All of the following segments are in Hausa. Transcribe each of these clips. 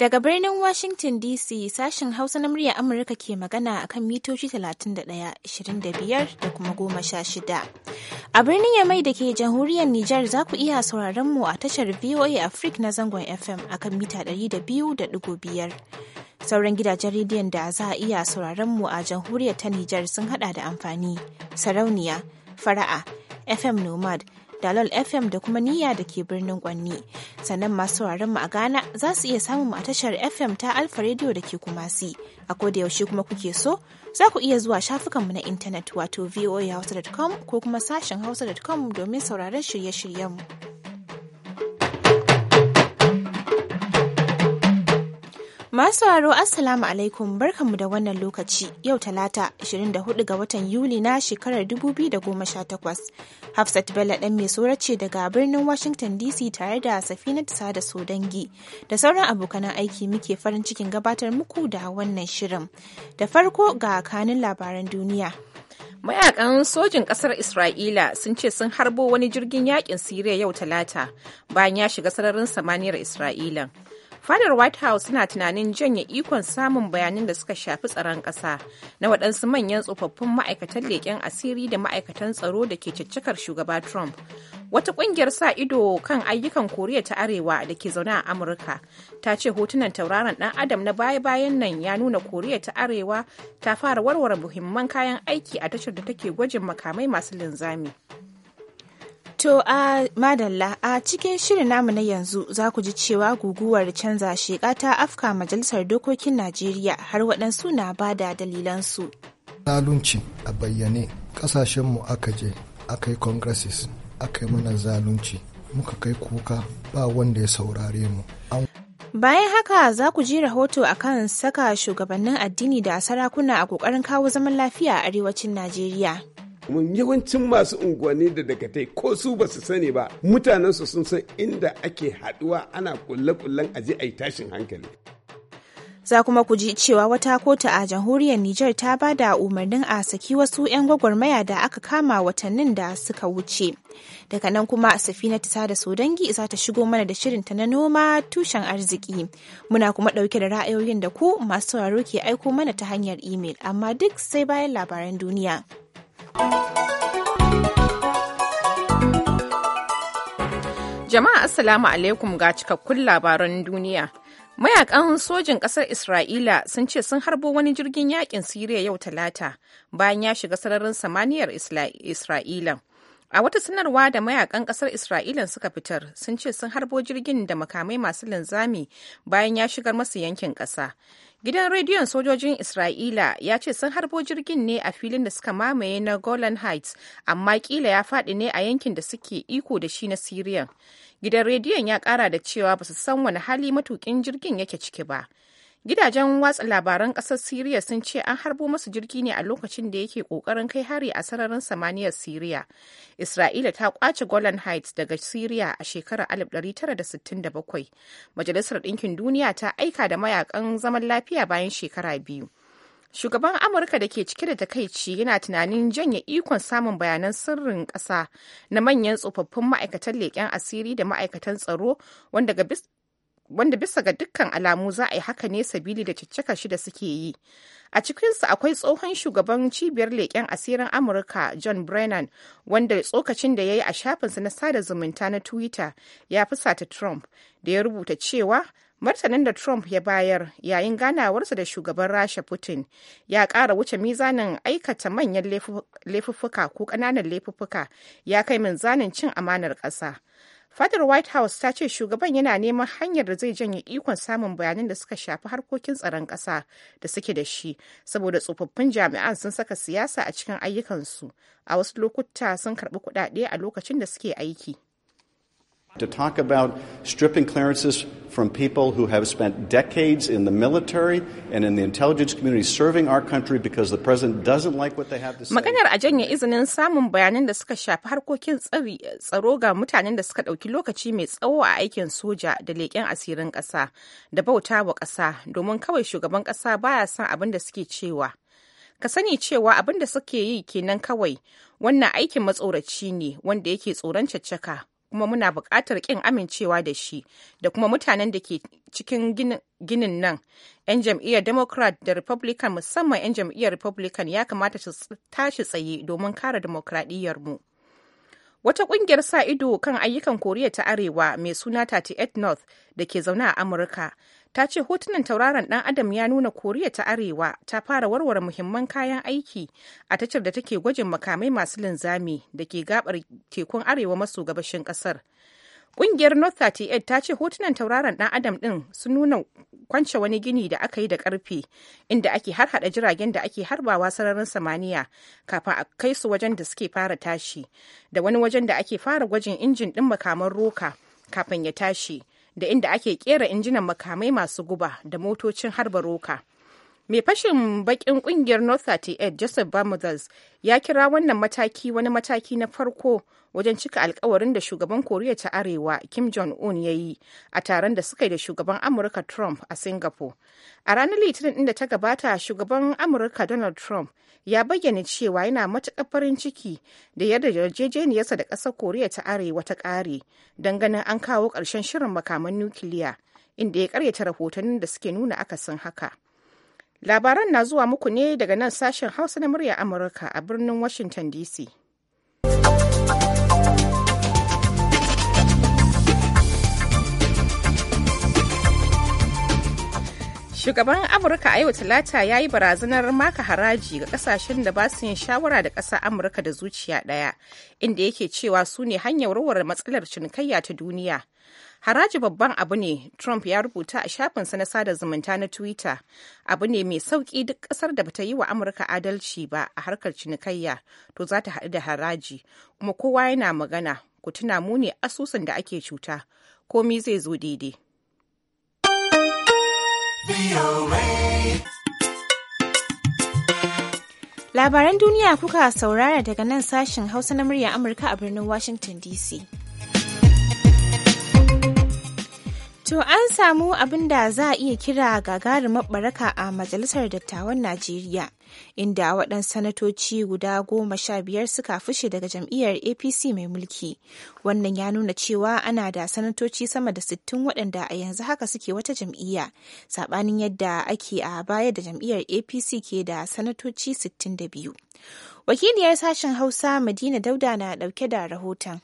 Daga birnin Washington DC sashen Hausa na murya Amurka ke magana a kan mitoci 31, 25 da kuma 16. A birnin Yamai da ke jamhuriyar Nijar za ku iya sauraron mu a tashar VOA Africa na zangon FM a kan mita 200.5. Sauran gidajen rediyon da za a iya sauraron mu a jamhuriyar ta Nijar sun hada da amfani, sarauniya, fara'a, FM Nomad, dalol fm da kuma niyya da ke birnin kwanni sannan masu mu a ghana za su iya samun mu a tashar fm ta alfa radio da ke kumasi a koda yaushe kuma kuke so za ku iya zuwa shafukanmu na intanet wato voahausa.com ko kuma sashen hausa.com domin sauraron shirye-shiryenmu. Masu sauraro Assalamu alaikum barkanmu da wannan lokaci yau talata 24 ga watan Yuli na shekarar 2018. Hafsat Bello ɗan mai ce daga birnin Washington DC tare da Safinat Sada Sodangi da sauran abokanan aiki muke farin cikin gabatar muku da wannan shirin. Da farko ga kanin labaran duniya. mayakan sojin ƙasar isra'ila sun ce sun harbo wani jirgin yakin siriya yau talata bayan ya shiga sararin samaniyar isra'ila fadar white house suna tunanin janye ikon samun bayanan da suka shafi tsaron ƙasa na waɗansu manyan tsofaffin ma'aikatan leƙen asiri da ma'aikatan tsaro da ke caccakar shugaba trump wata ƙungiyar sa ido kan ayyukan koriya ta arewa da ke zaune a amurka ta ce hotunan tauraron ɗan adam na baya-bayan nan ya nuna koriya ta arewa ta fara warware muhimman kayan aiki a tashar da take gwajin makamai masu linzami. To a madalla a cikin shirin namu na yanzu za ku ji cewa guguwar canza sheƙa ta afka majalisar dokokin Najeriya har waɗansu na ba da dalilansu. Zalunci a bayyane ƙasashenmu aka je aka yi congresses aka yi mana zalunci muka kai kuka ba wanda ya saurare mu. Bayan haka za ku ji rahoto a kan saka shugabannin addini da sarakuna a kokarin kawo zaman lafiya a arewacin Najeriya. kuma yawancin masu unguwanni da dakatai ko su ba su sani ba mutanen su sun san inda ake haduwa ana kulle-kullen aje a tashin hankali za kuma ku ji cewa wata kotu a jamhuriyar Nijar ta ba da umarnin a saki wasu 'yan gwagwarmaya da aka kama watannin da suka wuce. Daga nan kuma safina ta da dangi za ta shigo mana da shirin ta na noma tushen arziki. Muna kuma ɗauke da ra'ayoyin da ku masu sauraro ke aiko mana ta hanyar imel, amma duk sai bayan labaran duniya. Jama'a Assalamu alaikum ga cikakkun labaran duniya. Mayakan sojin ƙasar Isra'ila sun ce sun harbo wani jirgin yakin Siriya yau Talata bayan ya shiga sararin samaniyar Isra'ila. A wata sanarwa da mayakan kasar Isra'ilan suka fitar sun ce sun harbo jirgin da makamai masu linzami bayan ya shigar masu yankin ƙasa. Gidan rediyon sojojin Isra'ila ya ce sun harbo jirgin ne a filin da suka mamaye na Golan Heights, amma kila ya faɗi ne a yankin da suke iko da shi na Siriyan. Gidan rediyon ya ƙara da cewa ba su san wani hali matukin jirgin yake ciki ba. Gidajen watsa labaran kasar Siriya sun ce an harbo masu jirgi ne a lokacin da yake kokarin kai hari a sararin samaniyar Siriya. Isra'ila ta kwace Golan Heights daga Siriya a shekarar 1967. Majalisar Ɗinkin Duniya ta aika da mayakan zaman lafiya bayan shekara biyu. shugaban amurka da ke cike da takaici yana tunanin janye ikon samun bayanan sirrin ƙasa na manyan tsofaffin ma'aikatan leƙen asiri da ma'aikatan tsaro wanda wanda bisa ga dukkan alamu za a yi haka ne sabili da shi shida suke yi a cikinsu akwai tsohon shugaban cibiyar leƙen asirin amurka john brennan wanda tsokacin da ya yi a shafinsa na sada zumunta na twitter ya fusata trump da ya rubuta cewa martanin da trump ya bayar yayin ganawarsa da shugaban rasha putin ya ƙara wuce mizanin aikata manyan laifuffuka ko ƙananan laifuffuka ya kai minzanin cin amanar ƙasa fadar white house ta ce shugaban yana neman hanyar da zai janye ikon samun bayanan da suka shafi harkokin tsaron ƙasa da suke da shi saboda tsofaffin jami'an sun saka siyasa a cikin ayyukansu a wasu lokuta sun karɓi kuɗaɗe a lokacin da suke aiki to talk about stripping clearances from people who have spent decades in the military and in the intelligence community serving our country because the president doesn't like what they have to say. Maganar a janye izinin samun bayanan da suka shafi harkokin tsari tsaro ga mutanen da suka ɗauki lokaci mai tsawo a aikin soja da leƙen asirin ƙasa da bauta wa ƙasa domin kawai shugaban ƙasa baya son abin da suke cewa. Ka sani cewa abin da suke yi kenan kawai wannan aikin matsoraci ne wanda yake tsoron caccaka kuma muna buƙatar ƙin amincewa da shi da kuma mutanen da ke cikin ginin nan 'yan jam'iyyar democrat da republican musamman 'yan jam'iyyar republican ya kamata su tashi tsaye domin kare mu. wata ƙungiyar sa ido kan ayyukan koriya ta arewa mai suna 38 north da ke zaune a amurka ta ce hotunan tauraron dan adam ya nuna koriya ta arewa ta fara warware muhimman kayan aiki a tashar da take gwajin makamai masu linzami da ke gabar tekun arewa maso gabashin kasar kungiyar north 38 ta ce hotunan tauraron dan adam din sun nuna kwance wani gini da aka yi da karfe inda ake har hada jiragen da ake harbawa sararin samaniya kafin a kai su wajen da suke fara tashi da wani wajen da ake fara gwajin injin din makaman roka kafin ya tashi da inda ake kera injinan makamai masu guba da motocin harba roka mai fashin bakin kungiyar north 38 joseph bamuthers ya kira wannan mataki wani mataki na farko wajen cika alkawarin da shugaban koriya ta arewa kim jong-un ya yi a taron da suka yi da shugaban amurka trump a singapore a ranar litinin inda ta gabata shugaban amurka donald trump ya bayyana cewa yana matuƙar farin ciki da yadda yarjejeniyarsa da ƙasar koriya ta arewa ta ƙare don ganin an kawo ƙarshen shirin makaman nukiliya inda ya ƙaryata rahotannin da suke nuna akasin haka. Labaran na zuwa muku ne daga nan sashen Hausa na murya Amurka a birnin Washington DC. Shugaban Amurka a yau Talata ya yi barazanar maka haraji ga kasashen da ba su yin shawara da ƙasa Amurka da zuciya ɗaya, inda yake cewa su ne hanyar warware matsalar cinikayya ta duniya. Haraji babban abu ne, Trump ya rubuta a shafinsa na sada zumunta na Twitter. Abu ne mai sauƙi duk ƙasar da bata yi wa Amurka adalci ba a harkar cinikayya, to za ta haɗu da haraji. Kuma kowa yana magana, ku tuna mu ne asusun da ake cuta. Komi zai zo daidai. Labaran duniya kuka saurara daga nan sashen Hausa na murya Amurka a birnin Washington DC. To an samu abin da za a iya kira gagarumar baraka a Majalisar Dattawan Najeriya, inda waɗansu sanatoci guda goma sha biyar suka fushe daga jam'iyyar APC mai mulki. Wannan ya nuna cewa ana da sanatoci sama da sittin waɗanda a yanzu haka suke wata jam'iyya, saɓanin yadda ake a baya da jam'iyyar APC ke da sanatoci sittin da biyu. Wakiliyar sashen Hausa Madina Dauda na ɗauke da rahoton.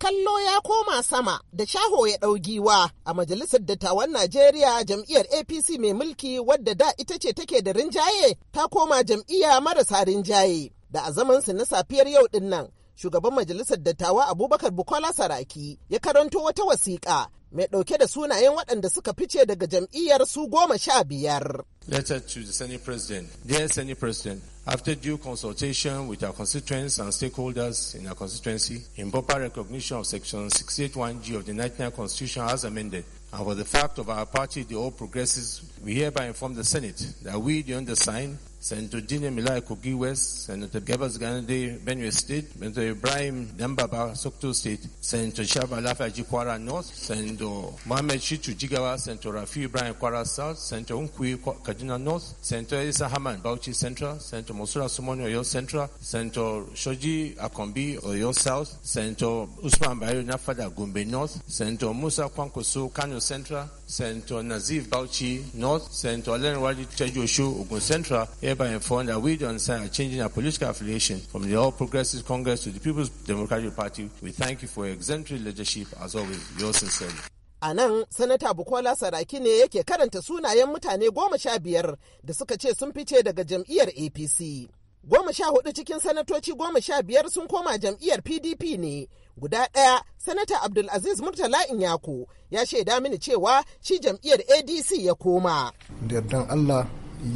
kallo ya koma sama da shaho ya ɗau giwa a majalisar dattawan Najeriya jam'iyyar APC mai mulki wadda da ita ce take da rinjaye ta koma jam'iyya marasa rinjaye da azaman su na safiyar yau ɗin shugaban majalisar dattawa Abubakar Bukola Saraki ya karanto wata wasiƙa mai ɗauke da sunayen waɗanda suka fice daga jam'iyyar su goma sha biyar. Letter to the Senate President. Dear Senate President, After due consultation with our constituents and stakeholders in our constituency, in proper recognition of Section 681G of the 99 Constitution as amended, and for the fact of our party, the All Progressives, we hereby inform the Senate that we, the undersigned, dine Sentudine Milay Kogi West, Senator Gabas Gandhi Benue State, Senator Ibrahim Dambaba Sokto State, Senator Shaba Lafaji Kwara North, Senator Mohamed Chichu Jigawa, Senator Rafi Ibrahim Kwara South, Senator Unkui Kadina North, Senator Isa Haman Bauchi Central, Senator Mosura Sumoni Oyo Central, Senator Shoji Akombi Oyo South, Senator Usman Bayo Nafada Gumbe North, Senator Musa Kwankosu Kano Central, Senator Nazif Bauchi North, Senator Olenwadi Tejoshu Ogun Central hereby informed that we don't sign a change in our political affiliation from the All Progressive Congress to the People's Democratic Party. We thank you for your exemplary leadership as always. Yours sincerely. A nan, Sanata Bukola Saraki ne yake karanta sunayen mutane goma sha biyar da suka ce sun fice daga jam'iyyar APC. Goma sha hudu cikin sanatoci goma sha biyar sun koma jam'iyyar PDP ne, guda ɗaya sanata abdulaziz murtala inyako ya shaida mini cewa shi jam'iyyar adc ya koma da yardan allah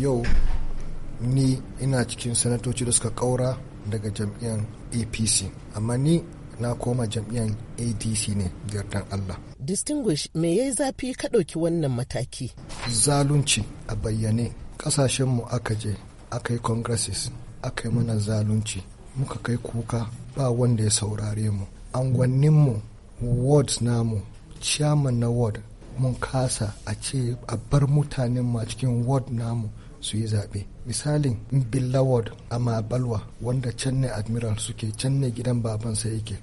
yau ni ina cikin sanatoci da suka kaura daga jam'iyyar apc amma ni na koma jam'iyyar adc ne da yardan allah distinguish me ya yi zafi ka ɗauki wannan mataki zalunci a bayyane ƙasashenmu aka je aka yi congresses aka yi mana zalunci muka kai kuka ba wanda ya saurare mu angwanninmu wards namu chairman na ward mun kasa a ce a bar mutanen ma cikin ward namu su yi zaɓe misalin billa ward a mabalwa wanda can ne admiral suke can ne gidan babansa yake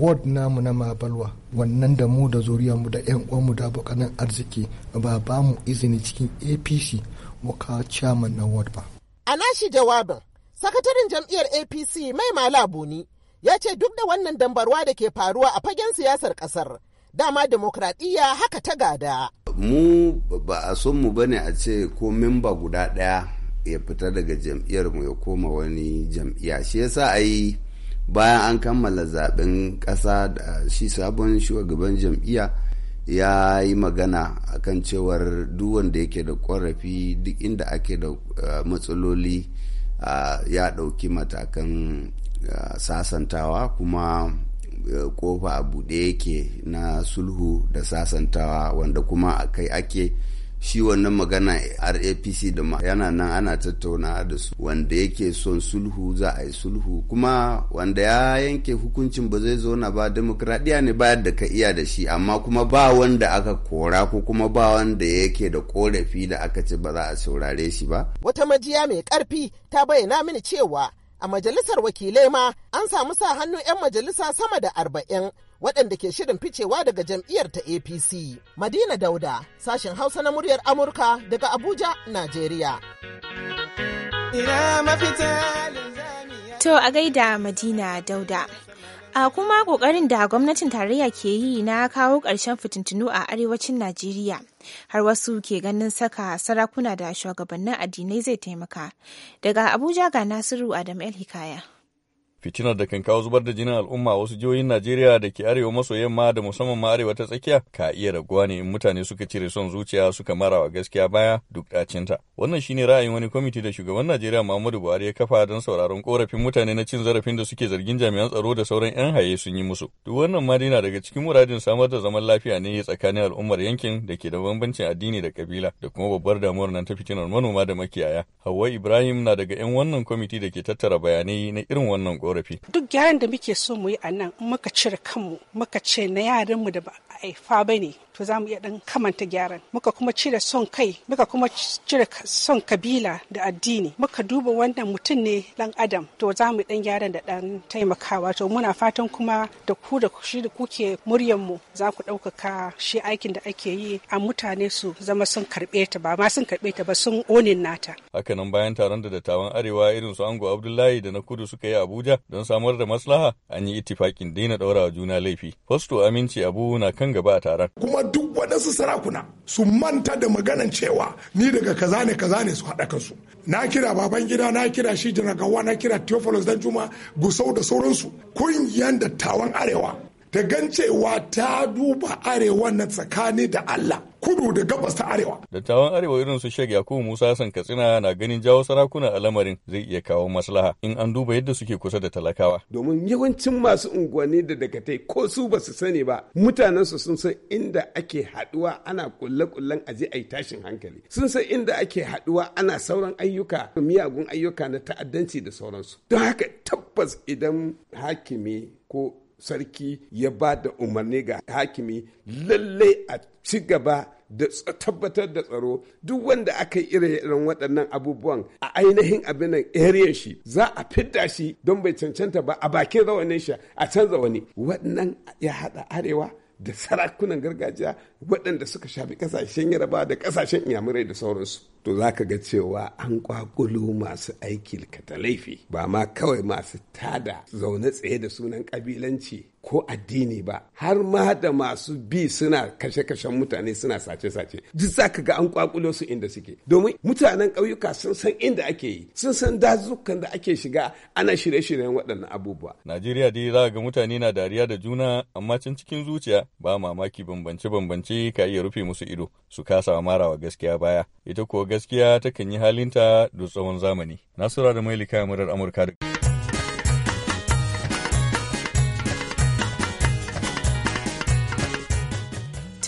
ward namu na mabalwa wannan da mu da zuriyarmu da yan uwanmu da abokanan arziki ba ba mu izini cikin apc mu kawo chairman na ward ba a nashi jawabin sakataren jam'iyyar apc mai mala ne ya ce duk da wannan dambarwa da ke faruwa a fagen siyasar ƙasar dama demokradiyya haka ta gada. Mu ba a son mu ba ne a ce ko memba guda daya ya fita daga jam'iyyar mu ya koma wani jam'iyya shi yasa a yi bayan an kammala zaben kasa da shi sabon shugaban jam'iyya ya yi magana akan cewar duk wanda yake da ƙorafi duk inda ake da eh, matsaloli ah, ya ɗauki matakan sasantawa kuma kofa a buɗe yake na sulhu da sasantawa wanda kuma a kai ake shi wannan magana rapc da ma. yana nan ana tattauna da su wanda yake son sulhu za a yi sulhu kuma wanda ya yanke hukuncin ba zai zauna ba demokradiya ne bayar da ka iya da shi amma kuma ba wanda aka kora ko kuma ba wanda yake da korafi da aka ce ba za a saurare shi ba wata majiya mai karfi ta bayyana mini cewa A majalisar wakilai ma an samu sa hannu 'yan majalisa sama da arba'in waɗanda ke shirin ficewa daga jam'iyyar ta APC. Madina Dauda, sashen Hausa na muryar Amurka daga Abuja, Najeriya. To a gaida Madina Dauda. A kuma ƙoƙarin da gwamnatin tarayya ke yi na kawo ƙarshen fitintunu a arewacin Najeriya, har wasu ke ganin saka sarakuna da shugabannin addinai zai taimaka. Daga Abuja ga Nasiru Adam El Hikaya. fitinar da kan kawo zubar da jinin al'umma wasu jihohin Najeriya da ke arewa maso yamma da musamman ma arewa ta tsakiya ka iya raguwa ne in mutane suka cire son zuciya suka mara wa gaskiya baya duk dacinta. Wannan shine ra'ayin wani kwamiti da shugaban Najeriya Muhammadu Buhari ya kafa don sauraron korafin mutane na cin zarafin da suke zargin jami'an tsaro da sauran 'yan haye sun yi musu. Duk wannan ma dina daga cikin muradin samar da zaman lafiya ne tsakanin al'ummar yankin da ke da bambancin addini da kabila da kuma babbar damuwar nan ta fitinar manoma da makiyaya. Hauwa Ibrahim na daga 'yan wannan kwamiti da ke tattara bayanai na irin wannan korafi duk gyaran da muke so mu yi a nan muka cire kanmu muka ce na yaranmu da ba a haifa ba ne to za mu iya ɗan kamanta gyaran muka kuma cire son kai muka kuma cire son kabila da addini muka duba wannan mutum ne ɗan adam to za mu ɗan gyaran da ɗan taimakawa to muna fatan kuma da ku da shi da kuke muryanmu za ku ɗaukaka shi aikin da ake yi a mutane su zama sun karɓe ta ba ma sun karɓe ta ba sun onin nata. Hakanan bayan taron da dattawan Arewa irin su Ango Abdullahi da na Kudu suka yi Abuja don samar da maslaha an yi ittifakin daina ɗaura juna laifi. Fasto Aminci Abu na kan gaba a taron. Kuma duk waɗansu sarakuna su manta da maganan cewa ni daga kaza ne kaza ne su haɗa kansu na kira baban gida na kira shi jana gawa na kira theophilus dan juma gusau da sauransu Kun yanda dattawan arewa ta gan ta duba arewa na tsakani da Allah kudu da gabas ta arewa. Dattawan arewa irin su Sheikh Yakubu Musa san Katsina na ganin jawo sarakuna a lamarin zai iya kawo maslaha in an duba yadda suke kusa da talakawa. Domin yawancin masu unguwanni da dagatai ko su ba su sani ba mutanen su sun san inda ake haduwa ana kulle kullen aje ai tashin hankali. Sun san inda ake haduwa ana sauran ayyuka miyagun ayyuka na ta'addanci da sauransu. Don haka tabbas idan hakimi ko sarki ya ba da umarni ga hakimi lallai a ci gaba da tabbatar da tsaro duk wanda aka yi irin waɗannan abubuwan a ainihin abin nan shi za a fidda shi don bai cancanta ba a bakin rawanin shi a canza wani waɗannan ya haɗa arewa da sarakunan gargajiya waɗanda suka shafi ƙasashen yaraba da ƙasashen iyamurai da sauransu to za ka ga cewa an kwakulo masu aiki katalaifi ba ma kawai masu tada zaune tsaye da sunan ƙabilanci ko addini ba har ma da masu bi suna kashe-kashen mutane suna sace-sace duk za ka ga an kwakulo su inda suke domin mutanen ƙauyuka sun san inda ake yi sun san dazukan da ake shiga ana shirye-shiryen waɗannan abubuwa najeriya dai za ga mutane na dariya da juna amma can cikin zuciya ba mamaki bambance-bambance ka iya rufe musu ido su kasa marawa gaskiya baya ita kuwa gaskiya takan yi halinta da tsawon zamani nasura da mailika murar amurka da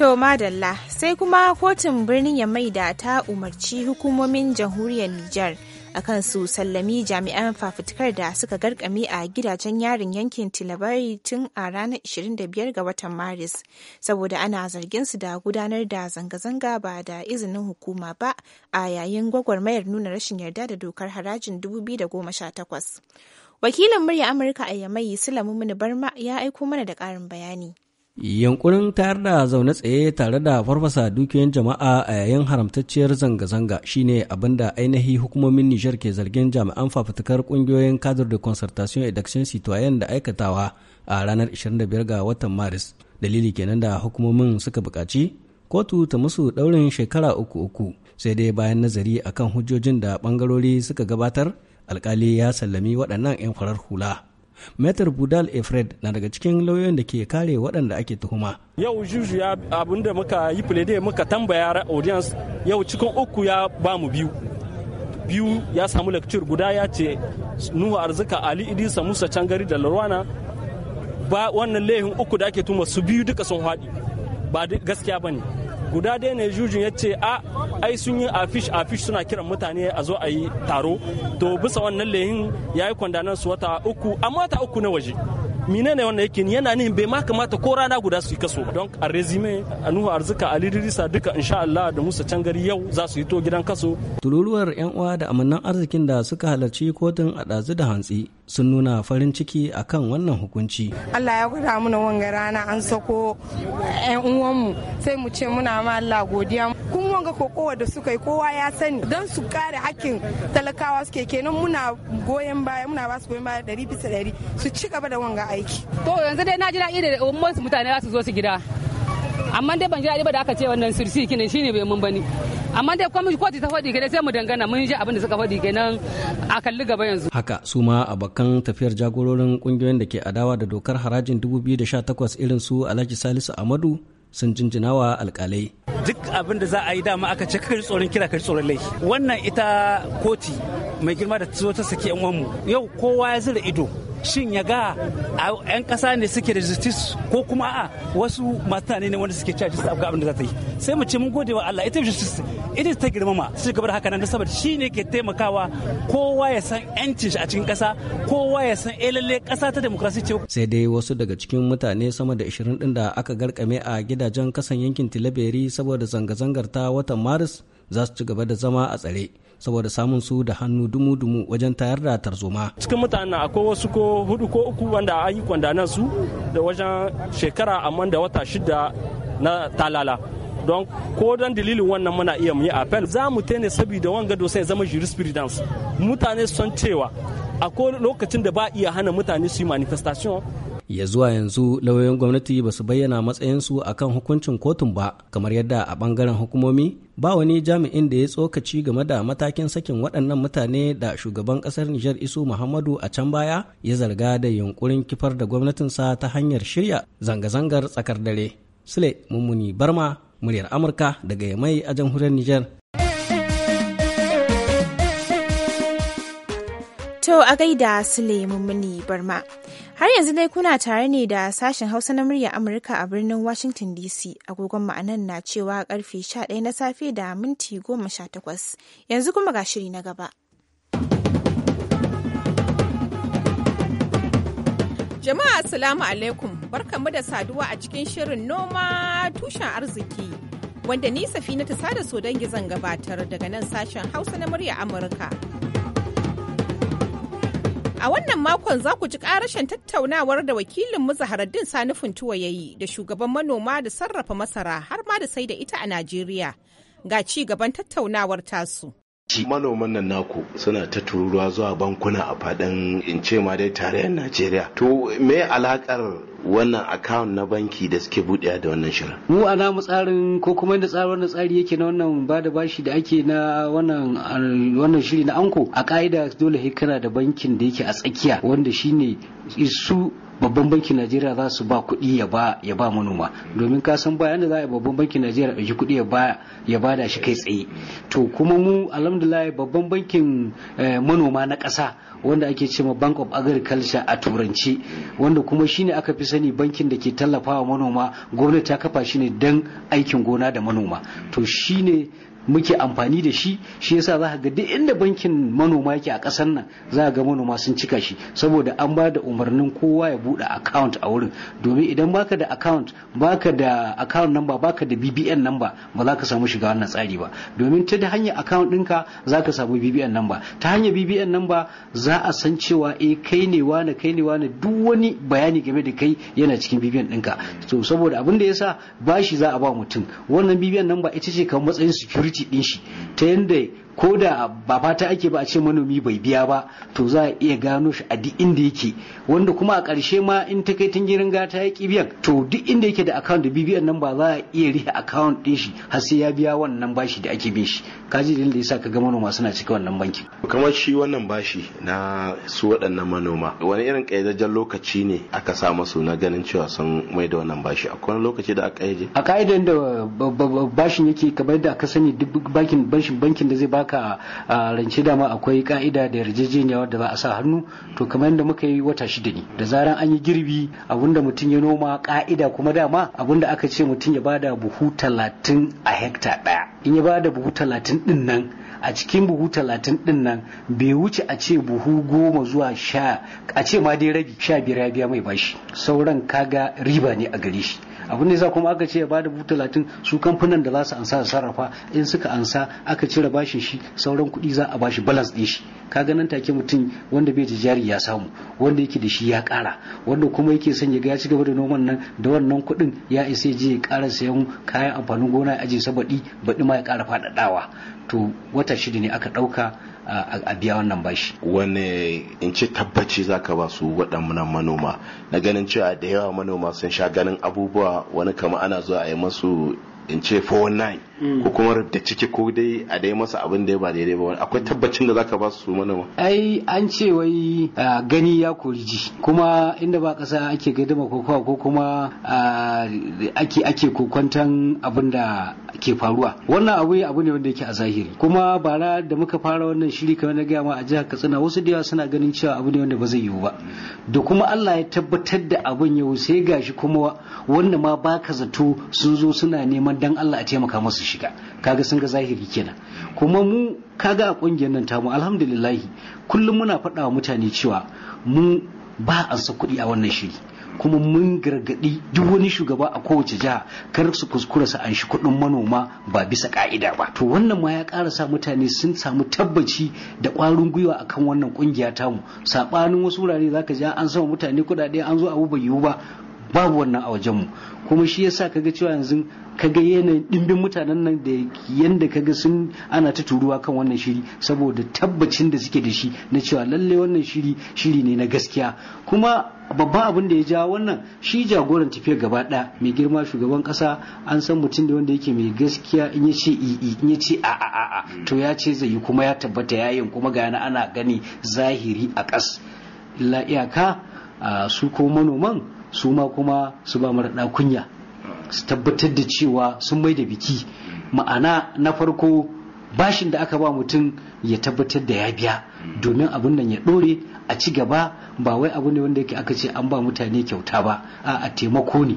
To madalla sai kuma kotun birnin Yamai da ta umarci hukumomin jamhuriyar Nijar akan su sallami jami'an fafutukar da suka garkami a gidajen yarin yankin tilabari tun a ranar 25 ga watan maris saboda ana zargin su da gudanar da zanga-zanga ba da izinin hukuma ba a yayin gwagwarmayar nuna rashin yarda da dokar harajin 2018 wakilin murya amurka a yamai sulamu mini barma ya aiko mana da ƙarin bayani Yanƙurin tayar da zaune tsaye tare da farfasa dukiyoyin jama'a a yayin haramtacciyar zanga-zanga shine abin da ainihi hukumomin Nijar ke zargin jami'an fafutukar kungiyoyin kadar da concertation et d'action citoyen da aikatawa a ranar 25 ga watan Maris. Dalili kenan da hukumomin suka buƙaci kotu ta musu ɗaurin shekara uku uku sai dai bayan nazari akan hujjojin da ɓangarori suka gabatar alkali ya sallami waɗannan 'yan farar hula. Metar Budal Efred na daga cikin lauyoyin da ke kare waɗanda ake tuhuma. Yau juju ya abin da muka yi fulede muka tambaya audience yau cikin uku ya ba mu biyu. Biyu ya samu lecture guda ya ce Nuhu Arzika Ali Idisa Musa Cangari da Larwana ba wannan laihin uku da ake tuhuma su biyu duka sun haɗi ba gaskiya ba ne. guda dai ne jujun ya ce a ai sun yi afish afish suna kiran mutane a zo a yi taro to bisa wannan lehin ya yi kwandanan su wata uku amma ta uku na waje mine ne wannan yake yana nihin bai ma kamata ko rana guda su yi kaso don a resume a nuhu arzika ali dirisa duka insha Allah da Musa can gari yau za su yi to gidan kaso tururuwar yan uwa da amannan arzikin da suka halarci kotun a ɗazu da hantsi sun nuna farin ciki akan wannan hukunci. Allah ya gwada mana wanga rana an sako 'yan uwanmu sai mu ce muna ma Allah godiya. Kun wanga kokowa da suka yi kowa ya sani don su kare hakkin talakawa suke kenan muna goyon baya muna ba su goyon baya ɗari bisa ɗari su ci gaba da wanga aiki. To yanzu dai na ji daɗi da mutane za su zo su gida. amma dai ban ji daɗi ba da aka ce wannan sirsi kinin shine bai mun bani amma dai kuma kotu ta faɗi kenan sai mu dangana mun ji abin da suka faɗi kenan a kalli gaba yanzu haka su ma abokan tafiyar jagororin kungiyoyin da ke adawa da dokar harajin 2018 irin su Alhaji Salisu Amadu sun jinjina wa alkalai. Duk abin da za a yi dama aka ce kakar tsoron kira kakar tsoron laifi. Wannan ita koti mai girma da ta saki 'yan uwanmu. Yau kowa ya zira ido shin ya ga 'yan ƙasa ne suke da justice ko kuma a wasu mutane ne wanda suke cewa a abin da za ta yi sai mu ce mun gode wa Allah ita justice ita ta girmama su gaba da haka nan saboda shi ne ke taimakawa kowa ya san 'yancin shi a cikin ƙasa kowa ya san a eh, lalle ƙasa ta demokrasi ce sai dai wasu daga cikin mutane sama da 20 din da aka garkame a gidajen kasan yankin Tilaberi saboda zanga-zangar ta watan Maris za su ci gaba da zama a tsare saboda samun su da hannu dumu-dumu wajen tayar da tarzoma. Cikin mutanen akwai wasu ko hudu ko uku wanda an yi kwandanan su da wajen shekara amma da wata shida na talala. don ko don dalilin wannan muna iya mu yi appel za mu tene saboda wanga dosa ya zama jurisprudence mutane son cewa akwai lokacin da ba iya hana mutane su yi manifestation ya zuwa yanzu lauyoyin gwamnati ba su bayyana matsayinsu a kan hukuncin kotun ba kamar yadda a bangaren hukumomi ba wani jami'in da ya tsokaci game da matakin sakin waɗannan mutane da shugaban ƙasar nijar isu muhammadu a can baya ya zarga da yunkurin kifar da gwamnatinsa ta hanyar shirya zanga-zangar tsakar dare sule mummuni barma muryar amurka daga yamai a jamhuriyar nijar To a gaida Suleiman Muni Barma. Har yanzu dai kuna tare ne da sashen Hausa na murya Amurka a birnin Washington DC. Agogon ma'anan na cewa karfe 11 na safe da minti 18. Yanzu kuma ga shiri na gaba. Jama'a Assalamu alaikum barkanmu da saduwa a cikin shirin noma tushen arziki wanda ni safina ta sada so dangi zan gabatar daga nan sashen Hausa na murya Amurka. A wannan makon za ku ji ƙarashin tattaunawar da wakilin mu Zaharaddin Sani Funtuwa ya yi da shugaban manoma da sarrafa masara har ma da sai da ita a Najeriya. Ga ci gaban tattaunawar tasu. manoman nan naku suna ta tururuwa zuwa bankuna a fadin in ce ma dai tarayyar najeriya to me alakar wannan account na banki da suke buɗe da wannan shirin mu a namu tsarin ko kuma yadda tsarin wannan tsari yake na wannan ba da bashi da ake na wannan shiri na anko a ka'ida dole hekara da bankin da yake a tsakiya wanda shine su babban bankin najeriya za su ba kuɗi ya ba ya ba manoma domin ka san bayan da za a babban bankin najeriya ɗauki kuɗi ya ba ya ba da shi kai tsaye to kuma mu alhamdulillah babban bankin eh, manoma na ƙasa wanda ake cewa bank of agriculture a turanci wanda kuma shine aka fi sani bankin da ke tallafawa manoma gwamnati ta kafa shi ne don aikin gona da manoma to shine muke amfani da shi shi yasa za ga duk inda bankin manoma yake a ƙasar nan za ga manoma sun cika shi saboda an ba da umarnin kowa ya buɗe account a wurin domin idan baka da account baka da account number baka da BBN number ba za ka samu shiga wannan tsari ba domin ta da hanyar account ɗinka za ka samu BBN number ta hanyar BBN number za a san cewa eh kai ne wani kai ne wani duk wani bayani game da kai yana cikin BBN ɗinka to saboda abin da yasa bashi za a ba mutum wannan BBN number ita ce kamar matsayin security security din shi ta yadda ko da ba fata ake ba a ce manomi bai biya ba to za a iya gano shi a duk inda yake wanda kuma a ƙarshe ma in ta kai girin gata ya ki biyan to duk inda yake da account da bibiyan nan ba za a iya rihe account din shi har sai ya biya wannan bashi da ake bin shi kaji da yasa ka ga manoma suna cika wannan bankin kamar shi wannan bashi na su waɗannan manoma wani irin ƙayyadajjen lokaci ne aka sa masu na ganin cewa sun mai da wannan bashi akwai wani lokaci da aka ƙayyade a ƙa'idar da bashin yake kamar da aka sani duk bankin da zai ba aka rance da dama akwai ka'ida da yarjejeniya wadda za a sa hannu to kamar yadda muka yi wata shida ne da zaran an yi girbi abinda mutum ya noma ka'ida kuma dama abinda aka ce mutum ya bada buhu talatin a hekta ɗaya in ya bada buhu talatin din nan a cikin buhu talatin din nan bai wuce a ce buhu goma zuwa sha a ce ma dai rabi sha biyar ya biya mai bashi sauran kaga riba ne a gare shi abin da yasa kuma aka ce ya bada buhu talatin su kamfanin da za su ansa su sarrafa in suka ansa aka cire bashin shi sauran kuɗi za a bashi balans ɗin shi kaga nan take mutum wanda bai da jari ya samu wanda yake da shi ya ƙara wanda kuma yake son ya ga ya gaba da noman nan da wannan kuɗin ya isa je ya ƙara sayan kayan amfanin gona ya ajiye sa baɗi baɗi ma ya ƙara faɗaɗawa to wata shida ne aka ɗauka a biya wannan bashi wani in ce tabbaci zaka ba su waɗannan manoma na ganin cewa da yawa manoma sun sha ganin abubuwa wani kama ana zuwa a yi masu in ce 419 hmm. ko kuma da ciki ko dai a dai masa abin da ya ba daidai ba akwai tabbacin da zaka ba su manoma ai an ce wai gani ya kori kuma inda ba kasa ake gadama kokowa ko kuma ake ake kokwantan abin da ke faruwa wannan abu abu ne wanda yake a zahiri kuma bara da muka fara wannan shiri kamar na gaya ma a jihar Katsina wasu da yawa suna ganin cewa abu ne wanda ba zai yiwu ba da kuma Allah ya tabbatar da abin yau sai gashi kuma wanda ma baka zato sun zo suna neman dan Allah a taimaka musu shiga kaga sun ga zahiri kenan kuma mu kaga a kungiyar nan tamu alhamdulillahi kullum muna faɗa wa mutane cewa mu ba an sa kuɗi a wannan shiri kuma mun gargaɗi duk wani shugaba a kowace jiha kar su kuskura su anshi kuɗin manoma ba bisa ka'ida ba to wannan ma ya ƙara sa mutane sun samu tabbaci da ƙwarin gwiwa akan wannan ƙungiya tamu saɓanin wasu wurare zaka ji an sama mutane kuɗaɗe an zo abu bai yiwu ba babu wannan a wajenmu kuma shi yasa kaga cewa yanzu kaga yanayin dimbin mutanen nan da yanda kaga sun ana ta turuwa kan wannan shiri saboda tabbacin da suke da shi na cewa lalle wannan shiri shiri ne na gaskiya kuma babban abin da ya ja wannan shi jagoran tafiyar gaba ɗaya mai girma shugaban kasa an san mutum da wanda yake mai gaskiya in ya ce i'i in ya ce a'a a'a mm. to ya ce zai yi kuma ya tabbata yayin kuma ga ana gani zahiri a ƙas illa iyaka su ko manoman su ma kuma su ba mara kunya su tabbatar da cewa sun mai da biki ma'ana na farko bashin da aka ba mutum ya tabbatar da ya biya domin abin nan ya ɗore a ci gaba ba wai abu ne wanda yake aka ce an ba mutane kyauta ba a taimako ne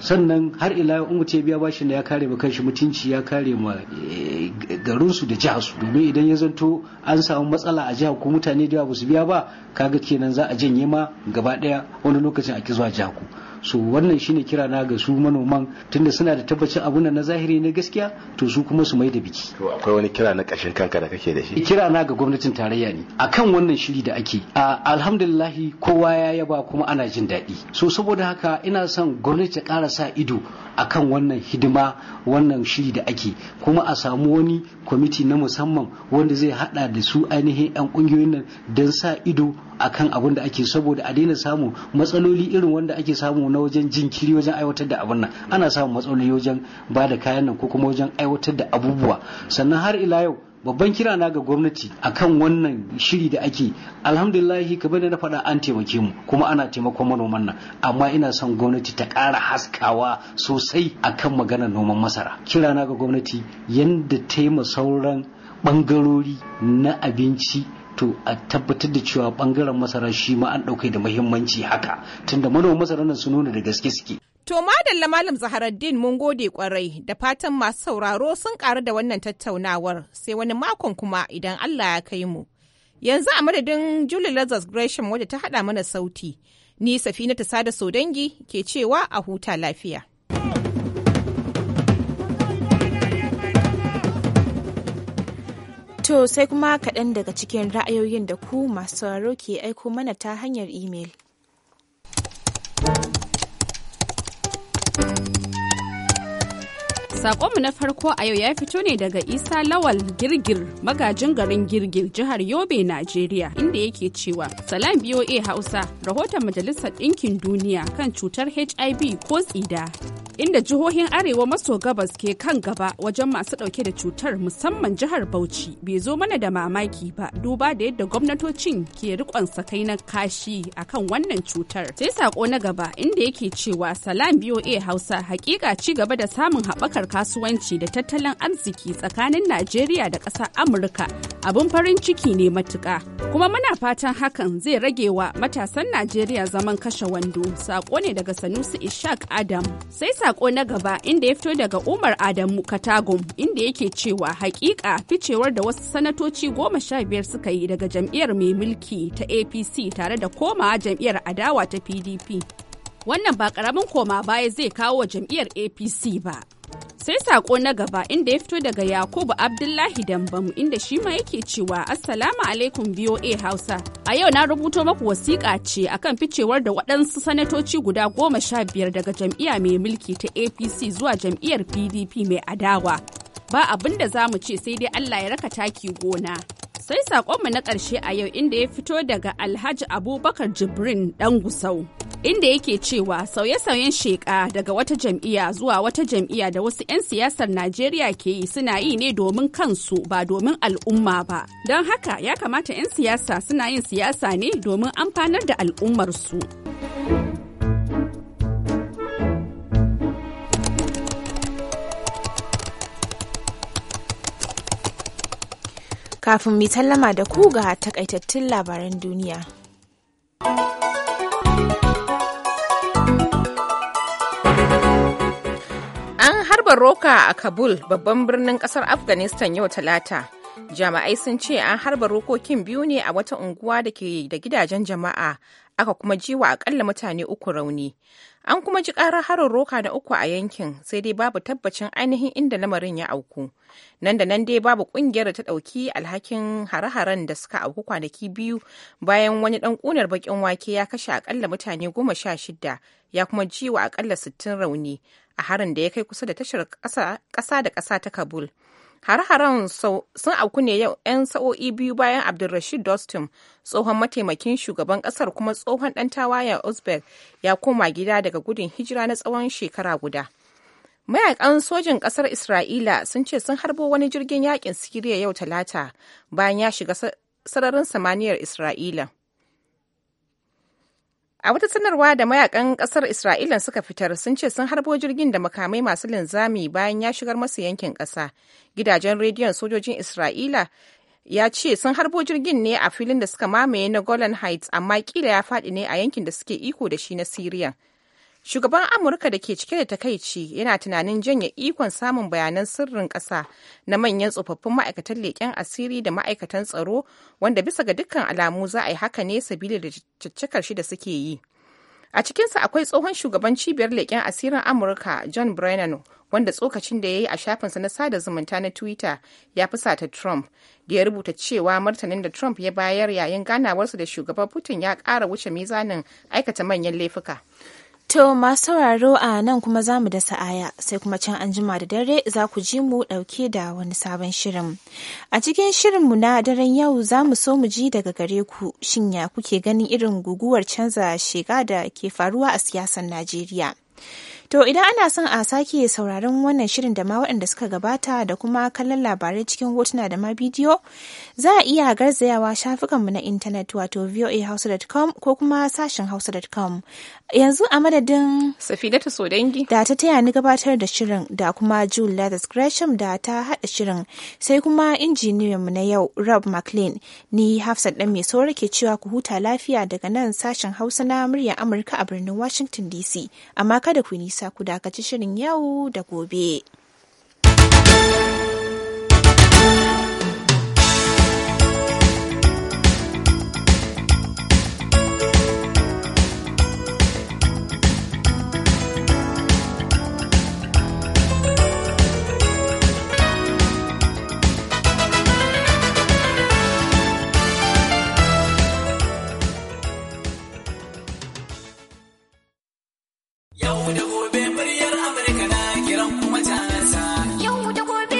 sannan har ila in wuce biya bashin da ya kare ma kanshi mutunci ya kare ma eh, garinsu da jihar su domin idan ya zanto an samu matsala a jiha ko mutane da ba su biya ba kaga kenan za a janye ma gaba daya wani lokacin a ki zuwa jihar ku so wannan shine kira na ga su manoman tunda suna da tabbacin abun na zahiri na gaskiya to su kuma su mai da biki to akwai wani kira na kashin kanka da kake da shi kira na ga gwamnatin tarayya ne akan wannan shiri da ake alhamdulillah kowa ya yaba kuma ana jin daɗi so saboda haka ina son gwamnati ta ƙara sa ido akan wannan hidima wannan shiri da ake kuma a samu wani kwamiti na musamman wanda zai hada da su ainihin 'yan ƙungiyoyin nan don sa ido akan abin da ake saboda a daina samu matsaloli irin wanda ake samu na wajen jinkiri wajen aiwatar da abin nan ana samun matsaloli wajen ba da kayan nan ko kuma wajen aiwatar da abubuwa sannan har ila yau babban kira na ga gwamnati akan wannan shiri da ake alhamdulillahi kamar da na faɗa an taimake mu kuma ana taimakon manoman nan amma ina son gwamnati ta ƙara haskawa sosai akan maganar noman masara kira na ga gwamnati yadda taima sauran bangarori na abinci to a tabbatar da cewa bangaren masara shi ma an ɗauke da muhimmanci haka tunda manoma masara nan su nuna da gaske suke. To madalla Malam Zaharaddin mun gode kwarai da fatan masu sauraro sun karu da wannan tattaunawar sai wani makon kuma idan Allah ya kai mu. Yanzu a madadin Julie Lazarus Gresham wadda ta haɗa mana sauti, ni Safina ta sada Sodangi ke cewa a huta lafiya. To sai kuma kaɗan daga cikin ra'ayoyin da ku masu sauraro ke aiko mana ta hanyar imel. Sakonmu na farko a yau ya fito ne daga Isa Lawal Girgir magajin garin Girgir jihar Yobe, Najeriya, inda yake cewa Salam BOA Hausa rahoton Majalisar Ɗinkin Duniya kan cutar HIV ko tsida. Inda jihohin Arewa maso gabas ke kan gaba wajen masu ɗauke da cutar musamman jihar Bauchi bai zo mana da mamaki ba duba da yadda gwamnatocin ke rikon sakai na kashi akan wannan cutar. Sai sako na gaba inda yake cewa Salam BOA Hausa hakika ci gaba da samun haɓakar kasuwanci da tattalin arziki tsakanin Najeriya da ƙasar Amurka abun farin ciki ne matuƙa. Kuma muna fatan hakan zai rage wa matasan Najeriya zaman kashe wando. Saƙo ne daga Sanusi Ishaq Adam. Sai saƙo na gaba inda ya fito daga Umar Adamu Katagum inda yake cewa haƙiƙa ficewar da wasu sanatoci goma sha biyar suka yi daga jam'iyyar mai mulki ta APC tare da komawa jam'iyyar adawa ta PDP. Wannan ba ƙaramin koma baya zai kawo wa jam'iyyar APC ba. sai sako na gaba inda ya fito daga yakubu abdullahi dambam inda shi ma yake cewa assalamu alaikum BOA hausa a yau na rubuto maku wasiƙa ce akan ficewar da waɗansu sanatoci guda goma sha biyar daga jam'iyya mai mulki ta apc zuwa jam'iyyar pdp mai adawa ba abin da za mu ce sai dai allah ya raka taki gona sai saƙonmu na ƙarshe a yau inda ya fito daga alhaji abubakar jibrin ɗan gusau inda yake cewa sauye-sauyen sheƙa daga wata jam'iyya zuwa wata jam'iyya da wasu 'yan siyasar Najeriya ke yi suna yi ne domin kansu ba domin al'umma ba. Don haka ya kamata 'yan siyasa suna yin siyasa ne domin amfanar da al'ummarsu. Kafin mu sallama da ku ga takaitattun labaran duniya. roka a kabul babban birnin kasar afghanistan yau talata jami'ai sun ce an harba rokokin biyu ne a wata unguwa da ke da gidajen jama'a aka kuma ji wa akalla mutane uku rauni an kuma ji karar harin roka na uku a yankin sai dai babu tabbacin ainihin inda lamarin ya auku nan da nan dai babu kungiyar da ta dauki alhakin hare-haren da suka auku kwanaki biyu bayan wani dan kunar bakin wake ya kashe akalla mutane goma sha shida ya kuma ji wa akalla sittin rauni a harin da ya kai kusa da tashar ƙasa da ƙasa ta kabul hare-haren sun auku ne yau 'yan sa'o'i biyu bayan abdulrashid dostum tsohon mataimakin shugaban kasar kuma tsohon ɗan tawayen uzbek ya koma gida daga gudun hijira na tsawon shekara guda mayakan sojin ƙasar isra'ila sun ce sun harbo wani jirgin yakin siriya yau talata bayan ya shiga sararin samaniyar isra'ila A wata sanarwa da mayakan kasar Isra'ila suka fitar sun ce sun harbo jirgin da makamai masu linzami bayan ya shigar masu yankin ƙasa. Gidajen rediyon sojojin Isra'ila ya ce sun harbo jirgin ne a filin da suka mamaye na Golan Heights amma kila ya faɗi ne a yankin da suke iko da shi na Siriya. Shugaban Amurka da ke cike da takaici yana tunanin janye ikon samun bayanan sirrin ƙasa na manyan tsofaffin ma'aikatan leƙen asiri da ma'aikatan tsaro wanda bisa ga dukkan alamu za a yi haka ne sabili da caccakar shi da suke yi. A cikinsa akwai tsohon shugaban cibiyar leƙen asirin Amurka John Brennan wanda tsokacin da ya yi a shafinsa na sada zumunta na Twitter ya fusata Trump da ya rubuta cewa martanin da Trump ya bayar yayin ganawarsa da shugaban Putin ya ƙara wuce mizanin aikata manyan laifuka. To masu sauraro a nan kuma za mu da sa'aya sai kuma can an jima da dare za ku ji mu ɗauke da wani sabon shirin. A cikin shirinmu na daren yau za mu so mu ji daga gare ku shin ya kuke ganin irin guguwar canza shiga da ke faruwa a siyasar Najeriya. To idan ana son a sake sauraron wannan shirin da ma waɗanda suka gabata da kuma kallon labarai cikin hotuna da ma bidiyo, za a iya garzayawa shafukanmu na intanet wato voahouse.com ko kuma sashen hausa.com. Yanzu a madadin so Sodangi da ta taya ni gabatar da shirin da kuma Jule Lathis Gresham da ta haɗa shirin sai kuma injiniyanmu na yau Rob McLean ni Hafsat ɗan mai saura ke cewa ku huta lafiya daga nan sashen Hausa na muryar Amurka a birnin Washington DC amma kada ku nisa sa ku dakaci shirin yau da gobe.